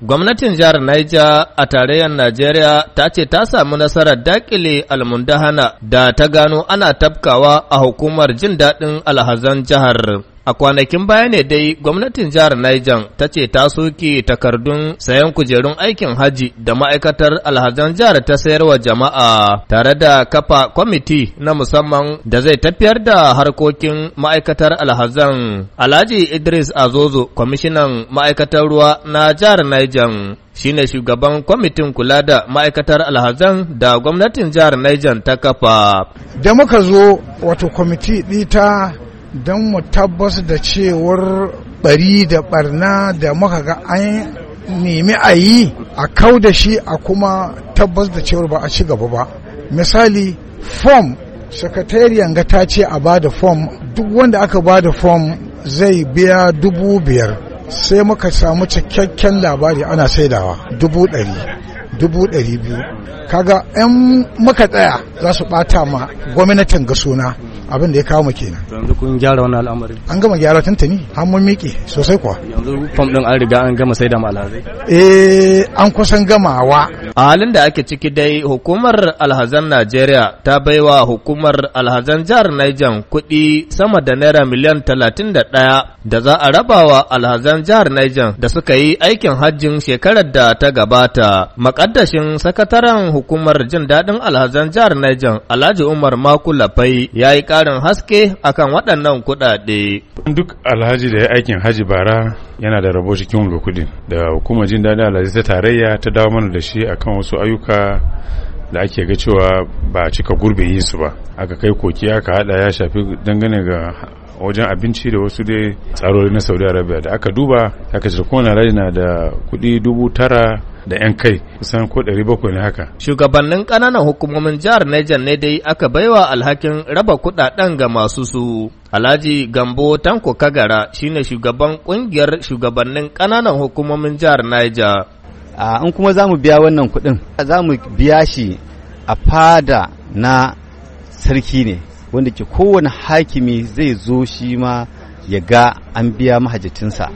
Gwamnatin jihar Niger a tarayyar Najeriya ta ce ta samu nasarar dakile almundahana da ta gano ana tafkawa a hukumar jin daɗin alhazan jihar. A kwanakin baya ne dai gwamnatin jihar Niger ta ce ta soke takardun sayan kujerun aikin haji da ma'aikatar alhazan jihar ta sayarwa jama'a tare da kafa kwamiti na musamman da zai tafiyar da harkokin ma'aikatar alhazan. Alhaji Idris Azozo, kwamishinan ma'aikatar ruwa na jihar Niger. ne shugaban kwamitin kula da ma'aikatar alhazan da gwamnatin jihar Niger ta kafa. Da muka zo wato kwamiti ta don mu tabbas da cewar bari da barna da muka ga an nemi a yi a kau da shi a kuma tabbas da cewar ba a ci gaba ba misali fom sakatariyan ga ta ce a ba da fom duk wanda aka ba da fom zai biya dubu biyar sai muka samu cikakken labari ana saidawa dubu ɗari dubu biyu kaga 'yan maka tsaya za su ɓata ma gwamnatin ga suna abin da ya kawo maki na yanzu kun gyara wani al'amari an gama gyara tantani har mun miƙe sosai kuwa yanzu fam din an riga an gama sai da malamai eh an kusan gamawa A halin da ake ciki dai hukumar alhazan Najeriya ta baiwa hukumar alhazan jihar Niger kuɗi sama da naira miliyan talatin da ɗaya da za a rabawa alhazan jihar Niger da suka yi aikin hajjin shekarar da ta gabata. Makaddashin sakataren hukumar jin daɗin alhazan jihar Niger Alhaji Umar Makula Fai ya yi ƙarin haske akan waɗannan kuɗaɗe. Duk alhaji da ya aikin haji bara yana da rabo cikin kuɗin da hukumar jin daɗin alhaji ta tarayya ta dawo mana da shi a kan wasu ayyuka da ake ga cewa ba a cika gurbe yi su ba aka kai koki aka hada ya shafi dangane ga wajen abinci da wasu dai tsarori na saudi arabia da aka duba aka ce kowane rai na da kudi dubu tara da 'yan kai kusan ko 700 ne haka. Shugabannin ƙananan hukumomin jihar Niger ne dai aka baiwa alhakin raba kuɗaɗen ga masu su. Alhaji Gambo Tanko Kagara shine shugaban ƙungiyar shugabannin ƙananan hukumomin jihar Niger. Ah, in kuma za mu biya wannan kuɗin za mu biya shi a fada na sarki ne wanda ke kowane hakimi zai zo shi ma ya ga an biya mahajjatinsa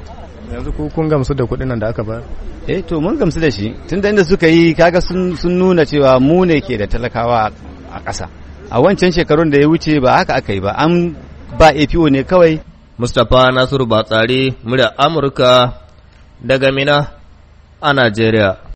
yanzu ko kun gamsu da kuɗin nan da aka ba eh to mun gamsu da shi tun da inda suka yi kaga sun nuna cewa mu ne ke da talakawa a ƙasa a wancan shekarun da ya wuce ba haka aka yi ba an ba APO ne kawai Mustapha Nasiru Batsari murya Amurka daga Mina a Najeriya.